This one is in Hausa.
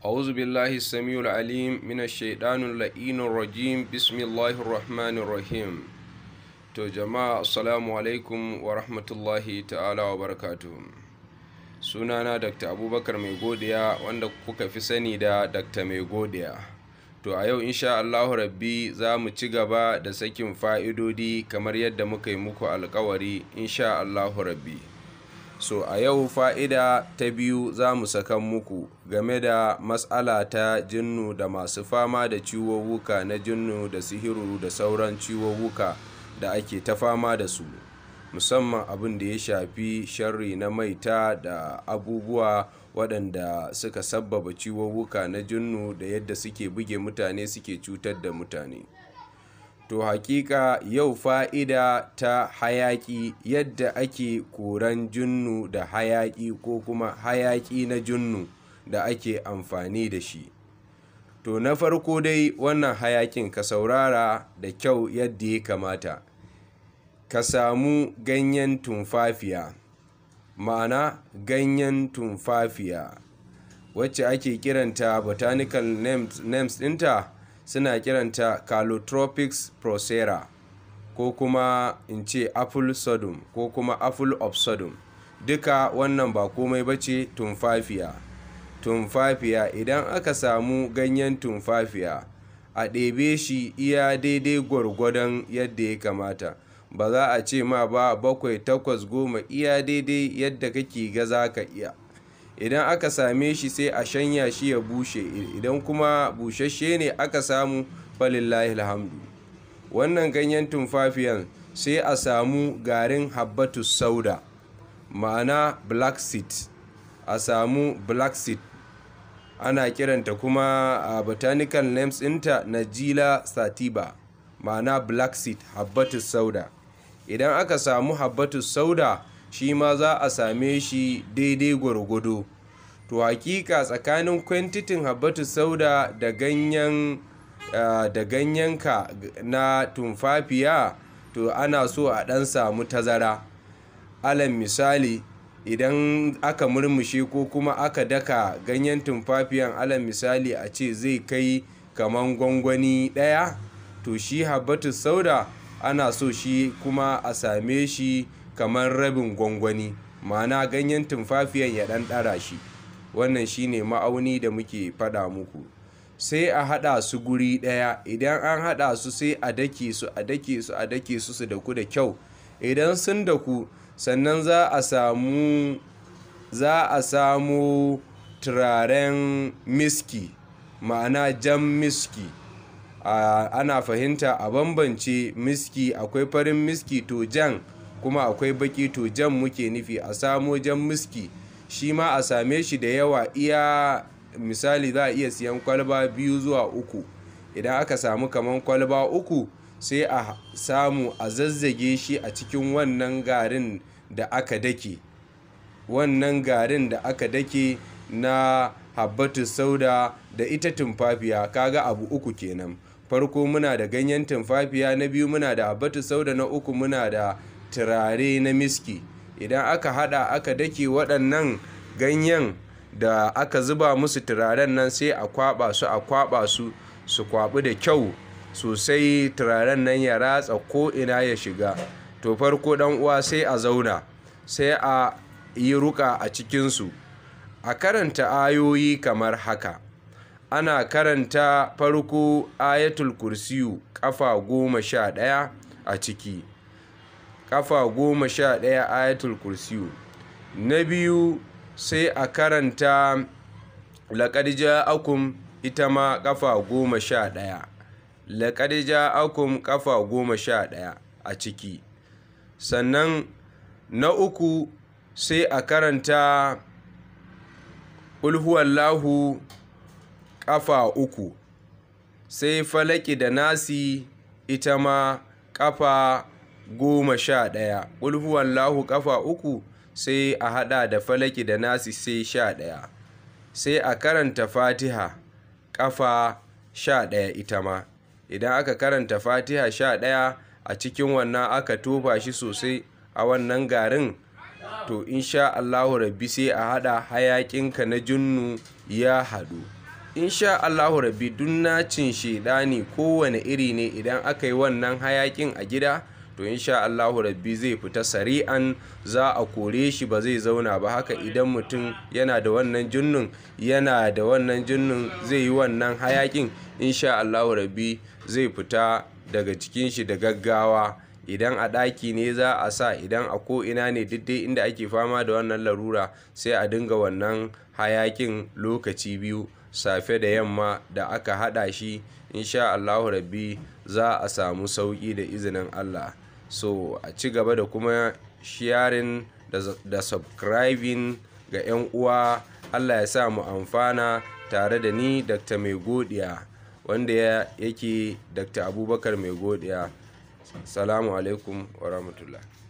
أعوذ بالله السميع العليم من الشيطان اللئين الرجيم بسم الله to jama'a assalamu alaikum wa rahmatullahi ta'ala wa barakatuhu sunana dr abubakar mai godiya wanda kuka fi sani da dr mai godiya to a yau insha rabbi za mu ci gaba da sakin fa'idodi kamar yadda muka yi muku alkawari insha allahu rabbi so a yau fa'ida ta biyu za mu sakan muku game da matsala ta jinnu da masu fama da ciwowuka na jinnu da sihiru da sauran ciwowuka da ake ta fama da su musamman abin da ya shafi sharri na maita da abubuwa waɗanda suka sabbaba ciwowuka na jinnu da yadda suke buge mutane suke cutar da mutane to hakika yau fa'ida ta hayaki yadda ake koran junnu da hayaki ko kuma hayaki na junnu da ake amfani da shi to na farko dai wannan hayakin ka saurara da kyau yadda ya kamata ka samu ganyen tumfafiya ma'ana ganyen tumfafiya wacce ake kiranta botanical names, names dinta suna kiranta calotropics procera ko kuma in ce apple sodom ko kuma apple of sodom duka wannan ba komai ba ce tumfafiya tumfafiya idan aka samu ganyen tumfafiya a ɗebe shi iya daidai gwargwadon yadda ya kamata ba za a ce ma ba bakwai takwas goma iya daidai yadda kake ga za ka iya idan aka same shi sai a shanya shi ya bushe idan kuma bushashe ne aka samu falillahi alhamdu wannan ganyen tumfafiyan sai a samu garin habbatus sauda ma'ana black seed a samu black seed ana kiranta kuma a botanical names ɗinta najila satiba ma'ana black seed habbatus sauda idan aka samu habbatus sauda shi ma za a same shi daidai gwargwado to hakika tsakanin kwantitin habbatu sauda da ganyen da ganyenka na tumfafiya to ana so a ɗan samu tazara alal misali idan aka murmushe ko kuma aka daka ganyen tumfafiyan alal misali a ce zai kai kaman gwangwani ɗaya to shi habbatu sauda ana so shi kuma a same shi kamar rabin gwangwani ma'ana ganyen tumfafiyan ya ɗan ɗara shi wannan shi ne ma'auni da muke faɗa muku sai a haɗa su guri ɗaya idan an haɗa su sai a dake su a dake su a dake su su daku da kyau idan sun daku sannan za a samu za a samu turaren miski ma'ana jan miski ana fahimta a bambance miski akwai farin miski to jan kuma akwai baki to jan muke nufi a samo jan miski shi ma a same shi da yawa iya misali za a iya siyan kwalba biyu zuwa uku idan aka samu kamar kwalba uku sai a samu a zazzage shi a cikin wannan garin da aka dake wannan garin da aka dake na habbatu sauda da ita tumfafiya kaga abu uku kenan farko muna da ganyen tumfafiya na biyu muna da habbatu sauda na uku muna da turare na miski idan aka hada aka dake waɗannan ganyen da aka zuba musu turaren nan sai a kwaba su a kwaba su su kwabi da kyau sosai turaren nan ya ratsa ko ina ya shiga to farko dan uwa sai a zauna sai a yi ruka a cikinsu a karanta ayoyi kamar haka ana karanta farko ayatul kursiyu kafa goma sha ɗaya a ciki kafa goma sha ɗaya ayatul kursiyu na biyu sai a karanta laƙarja akum ita ma kafa goma sha ɗaya laƙarja akum kafa goma sha ɗaya a ciki sannan na uku sai a karanta ulhuwallahu kafa uku sai falaki da nasi ita ma kafa goma sha ɗaya lahu ƙafa uku sai a haɗa da falaki da nasi sai sha ɗaya sai a karanta fatiha ƙafa sha ɗaya ita ma idan aka karanta fatiha sha ɗaya a cikin wannan aka tofa shi sosai a wannan garin to insha Allahu rabbi sai a haɗa hayaƙinka na junnu ya haɗu insha Allahu rabbi dunnacin nacin ne kowane iri ne idan aka yi wannan hayaƙin a gida to insha Allahu rabbi zai fita sari'an za a kore shi ba zai zauna ba haka idan mutum yana da wannan jinnun yana da wannan jinnun zai yi wannan hayakin insha Allahu rabbi zai fita daga cikin shi da gaggawa idan a daki ne za a sa idan a ko ina ne dai inda ake fama da wannan larura sai a dinga wannan hayakin lokaci biyu safe da yamma da aka haɗa shi insha Allahu rabbi za a samu sauƙi da izinin Allah so a ci gaba da kuma sharing da subscribing ga 'yan uwa allah ya sa mu amfana tare da ni dr mai godiya wanda yake dr abubakar mai godiya salamu alaikum wa rahmatullah